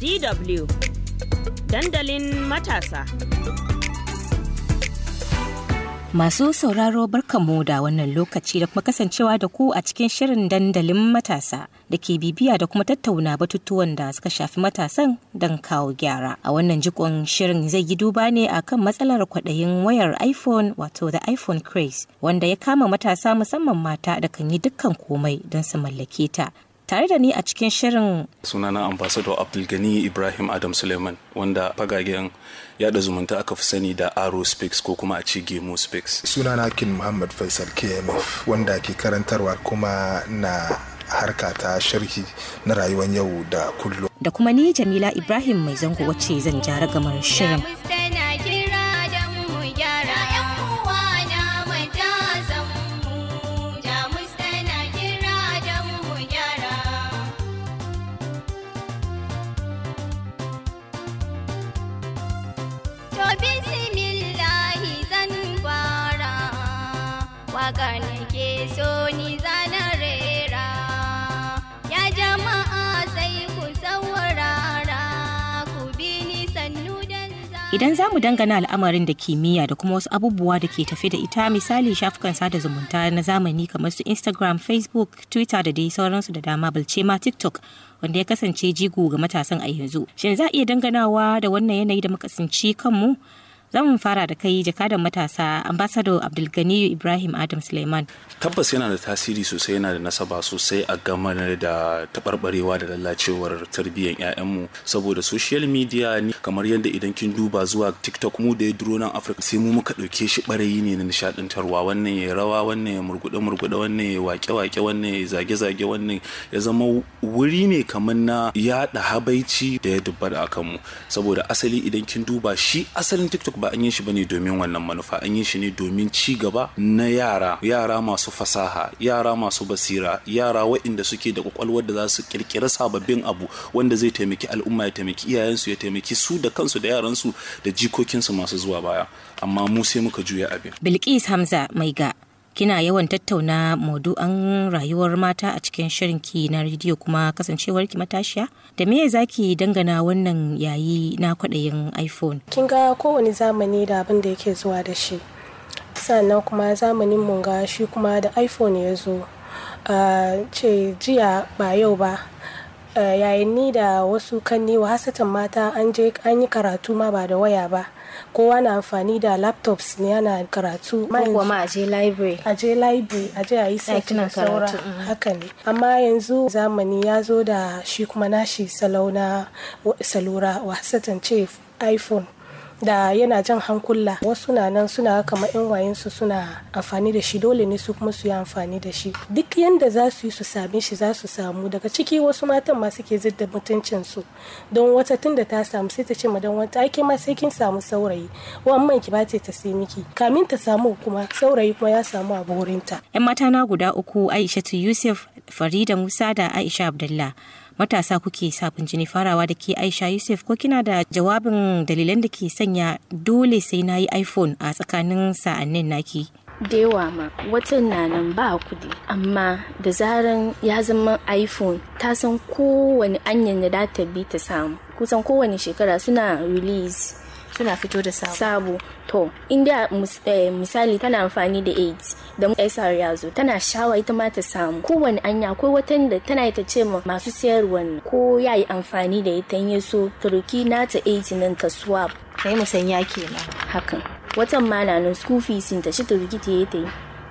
DW dandalin matasa. Masu sauraro barkamu da wannan lokaci da kuma kasancewa da ku a cikin shirin dandalin matasa da ke bibiya da kuma tattauna batutuwan da suka shafi matasan don kawo gyara. A wannan jikon shirin zai yi duba ne a kan matsalar kwaɗayin wayar iPhone wato da iPhone craze wanda ya kama matasa musamman mata da kan yi dukkan komai don su mallake ta. tare da ni a cikin shirin. Sunana ambassador Abdulgani Ibrahim Adam Suleiman wanda fagagen yada zumunta aka fi sani da aro speaks ko kuma a ci Gemo speaks Sunana Kin Muhammad Faisal KMF wanda ke karantarwa kuma na harka ta sharhi na rayuwar yau da kullum. Da kuma ni Jamila Ibrahim mai zango wacce zan jara gamar shirin. waka ke so ni zana rera ya jama'a sai ku saurara ku bi ni sannu dan Idan za mu dangana al'amarin da kimiyya da kuma wasu abubuwa da ke tafi da ita misali shafukan sada zumunta na zamani kamar su Instagram, Facebook, Twitter da dai sauransu da dama balce ma TikTok wanda ya kasance jigo ga matasan a yanzu. Shin za a iya danganawa da wannan yanayi da makasanci kanmu? za mu fara da kai jakadan matasa ambassador abdulganiyu ibrahim adam suleiman tabbas yana da tasiri sosai yana da nasaba sosai a gamar da taɓarɓarewa da lalacewar tarbiyyar 'ya'yanmu saboda social media ne kamar yadda idan kin duba zuwa tiktok mu da ya duro nan afirka sai mu muka ɗauke shi ɓarayi ne na nishaɗantarwa wannan ya rawa wannan ya murguɗe murguɗe wannan ya wake wake wannan ya zage zage wannan ya zama wuri ne kamar na yaɗa habaici da ya dubbar a kanmu saboda asali idan kin duba shi asalin tiktok ba an yi shi bane domin wannan manufa an yi shi ne domin ci gaba na yara yara masu fasaha yara masu basira yara waɗanda suke da kwakwalwar da za su kirkiri sababbin abu wanda zai taimaki al'umma ya taimaki iyayensu ya taimaki su da kansu da yaransu da jikokinsu masu zuwa baya amma mu sai muka juya abin bilkis hamza mai ga kina yawan tattauna maudu'an rayuwar mata a cikin shirinki na rediyo kuma kasancewarki matashiya da me za ki dangana wannan yayi na kwaɗayin iphone kin ga kowane zamani da abin da yake zuwa da shi sannan kuma zamanin mun ga shi kuma da iphone ya zo ah, ce jiya ba yau ba Eh, yayin ni da wasu kanni wa hasatan mata an je an yi karatu ma ba da waya ba kowa na amfani da laptops ne yana karatu ko ma a library a library a je a yi saura mm. haka ne amma yanzu zamani ya zo da shi kuma nashi salona salura wa hasatan ce iphone da yana jan hankula wasu na nan suna kama yan wayensu suna amfani da shi dole ne su kuma su yi amfani da shi duk yanda za su yi su same shi za su samu daga ciki wasu matan ma suke zidda mutuncin su don wata tun da ta samu sai ta ce ma don wata ake ma sai kin samu saurayi wannan ki bace ta sai miki kamin ta samu kuma saurayi kuma ya samu a burinta yan mata na guda uku Aisha Yusuf Farida Musa da Aisha Abdullah matasa kuke sabon jini farawa da ke aisha yusuf ko kina da jawabin dalilan da ke sanya dole sai na yi iphone a tsakanin sa'annin naki da ma watan na nan ba kudi amma da zaran ya zama iphone ta san kowane anyan da ta bi ta samu kusan kowane shekara suna release suna fito da sabo sabo to inda eh, misali tana amfani da aids da sr ya zo tana shawa ita ma ta samu kowane anya akwai watan da tana ta ce ma masu sayarwa ko ya yi amfani da ita ya so turki na ta aids nan ta swap kai ke na hakan watan ma na nan school fees ta shi turki ta yi ta yi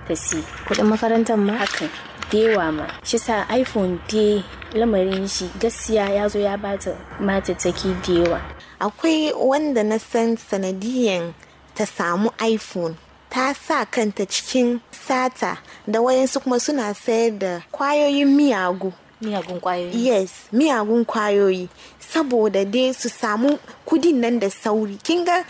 ta si Kudin makarantar ma hakan dewa ma shi sa iphone dai lamarin shi gaskiya ya zo ya bata mata taki dewa akwai wanda na san sanadiyan ta samu iphone ta sa kanta cikin sata da wayansu kuma suna sayar da kwayoyin miyagu miyagun kwayoyi yes miyagun kwayoyi saboda dai su samu kudin nan da sauri kin ga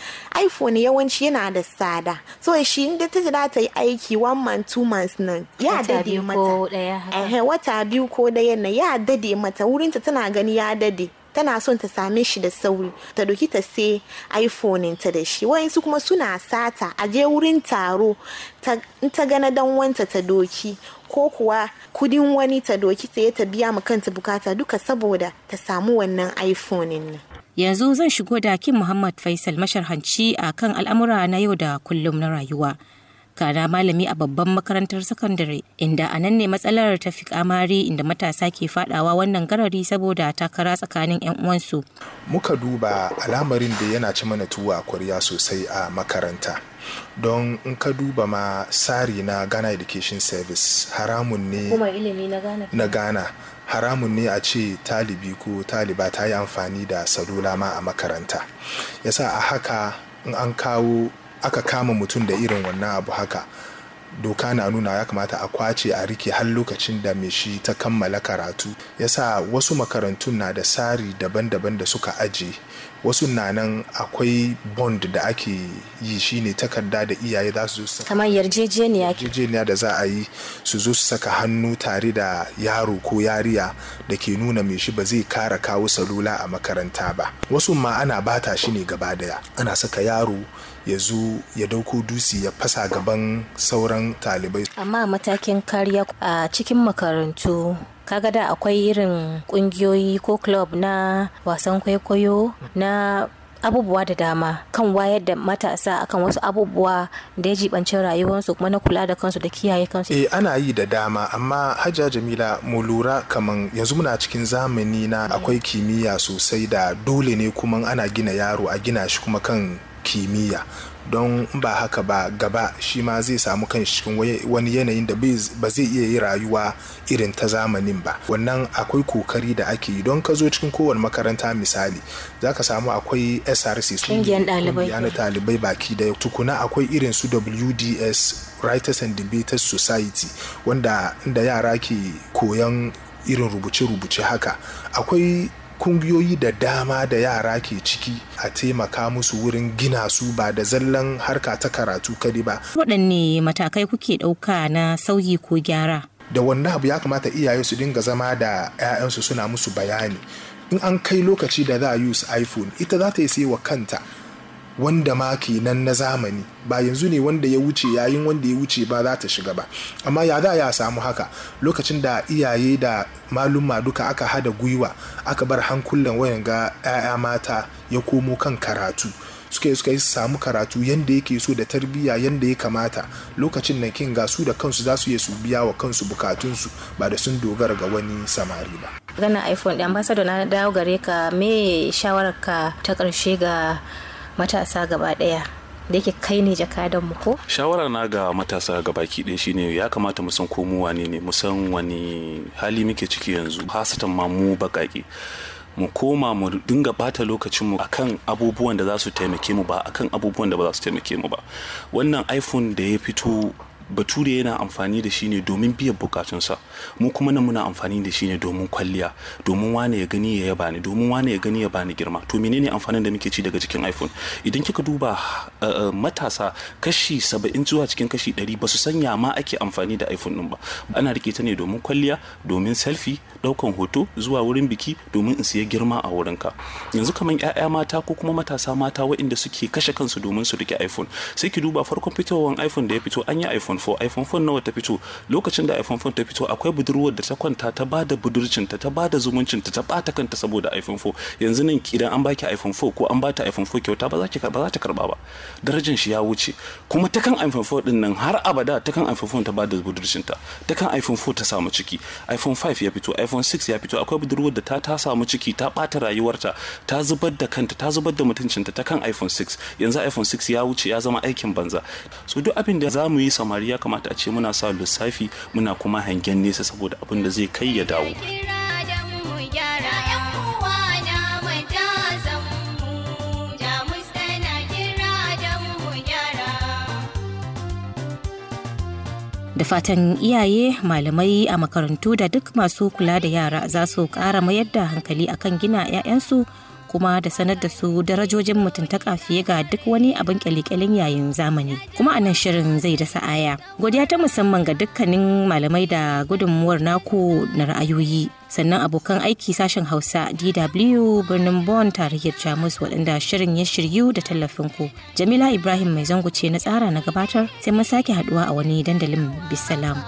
iphone yawanci yana da tsada so shi inda ta jira ta yi aiki one month two months nan ya dade mata wata biyu ko daya na ya dade mata wurinta tana gani ya dade tana son ta same shi da sauri ta doki ta sai iphone ta da shi wayansu kuma suna sata a je wurin taro ta gana dan wanta ta doki ko kuwa kudin wani ta doki ya ta biya ma kanta bukata duka saboda ta samu wannan iphone nan yanzu zan shigo da kin muhammad faisal masharhanci a kan al'amura na yau da kullum na rayuwa kada malami a babban makarantar sakandare inda a nan ne matsalar ta fi kamari inda matasa ke fadawa wannan garari saboda takara tsakanin 'yan uwansu. Muka duba al'amarin da yana ci mana tuwa kwarya sosai a makaranta. don in ka duba ma tsari na ghana education service haramun ne na ghana haramun ne a ce talibi ko taliba ta yi amfani da salula ma a makaranta yasa a haka in an kawo aka kama mutum da irin wannan abu haka doka na nuna ya kamata a kwace a rike har lokacin da mai shi ta kammala karatu yasa wasu makarantun na da tsari daban-daban da suka aje wasu na nan akwai bond da ake yi shine takarda da iyaye za su zo kamar yarjejeniya yarjejeniya da za a yi su zo su saka hannu tare da yaro ko yariya da ke nuna mai shi ba zai kara kawo salula a makaranta ba wasu ma ana bata shi ne gaba daya ana saka yaro ya zo ya dauko dusi ya fasa gaban sauran talibai amma matakin kariya a cikin makarantu kaga da akwai irin kungiyoyi ko club na wasan kwaikwayo na abubuwa da dama kan wayar da matasa akan wasu abubuwa da ya jibance rayuwarsu kuma na kula da kansu da kiyaye kansu. Eh ana yi da dama amma hajja Jamila mu lura kaman yanzu muna cikin zamani na akwai kimiyya sosai da dole ne kuma ana gina yaro a gina shi kuma kan kimiyya don ba haka ba gaba shi ma zai samu kan cikin wani yanayin da ba zai iya yi rayuwa irin ta zamanin ba wannan akwai kokari da ake yi don ka zo cikin kowane makaranta misali za ka samu akwai src sun ɗalibai baki da tukuna akwai irin su wds writers and debaters society wanda inda yara ke koyan irin rubuce-rubuce haka akwai kungiyoyi da dama da yara ke ciki a taimaka musu wurin gina su ba da zallan harka ta karatu kadi ba. Waɗanne matakai kuke ɗauka na sauyi ko gyara? Da wannan abu ya kamata iyaye su dinga zama da 'ya'yansu suna musu bayani. In an kai lokaci da za a use iPhone, ita za ta yi wa kanta wanda ma kenan na zamani ba yanzu ne wanda ya wuce yayin wanda ya wuce ba za ta shiga ba amma ya za ya samu haka lokacin da iyaye da maluma duka aka hada gwiwa aka bar hankulan wayan ga 'ya'ya mata ya komo kan karatu suka suka samu karatu yadda yake so da tarbiyya yadda ya kamata lokacin na kin ga su da kansu za su iya su biya wa kansu bukatunsu ba da sun dogara ga wani samari ba. Gana iPhone ambassador na dawo gare ka me shawarar ta karshe ga matasa gaba ɗaya da yake kai ne jakadan mu ko shawara na ga matasa gaba ɗaya shine ya kamata mu san ko mu wane ne mu san wani hali muke ciki yanzu hasatan ma mu baƙaƙe mu koma mu dinga bata lokacinmu akan abubuwan da za su taimake mu ba akan abubuwan da ba za su taimake mu ba wannan iphone da ya fito bature yana amfani da shi ne domin biyan bukatunsa mu kuma nan muna amfani da shi ne domin kwalliya domin wane ya gani ya yaba ni domin wane ya gani ya bani girma to menene amfanin da muke ci daga cikin iphone idan kika duba eh, eh, matasa kashi saba'in zuwa cikin kashi ɗari ba su sanya ma ake amfani da iphone din ba ana rike ta ne domin kwalliya domin selfie ɗaukan hoto zuwa wurin biki domin in siya girma a wurin ka yanzu kamar 'ya'ya mata ko kuma matasa mata waɗanda suke kashe kansu domin su rike iphone sai ki duba farkon fitowar iphone da ya fito an yi iphone 4 iphone 4 nawa ta fito lokacin da iphone 4 ta fito akwai budurwar da ta kwanta ta bada budurcin budurcinta ta bada zumuncin zumuncinta ta bata kanta saboda iphone 4 yanzu nan idan an baki iphone 4 ko an bata iphone 4 kyauta ba za ki ba za ta karba ba darajar shi ya wuce kuma ta kan iphone 4 din nan har abada ta kan iphone 4 ta bada budurcin budurcinta ta kan iphone 4 ta samu ciki iphone 5 ya fito iphone 6 ya fito akwai budurwar da ta ta samu ciki ta bata rayuwarta ta zubar da kanta ta zubar da mutuncinta ta kan iphone 6 yanzu iphone 6 ya wuce ya zama aikin banza so duk abin da za mu yi samari ya kamata a ce muna sa lissafi muna kuma hangen nesa saboda abin da zai kai ya dawo. da fatan iyaye malamai a makarantu da duk masu kula da yara za su kara mayar da hankali akan gina 'ya'yansu kuma da sanar da su darajojin mutuntaka fiye ga duk wani abin kyalikyalin yayin zamani kuma anan shirin zai dasa aya. godiya ta musamman ga dukkanin malamai da gudunmuwar naku na ra'ayoyi sannan abokan aiki sashen hausa dw birnin bon tarayyar jamus waɗanda shirin ya shiryu da tallafin ku jamila ibrahim mai zango ce na tsara na gabatar sai mun sake haduwa a wani dandalin bisalam.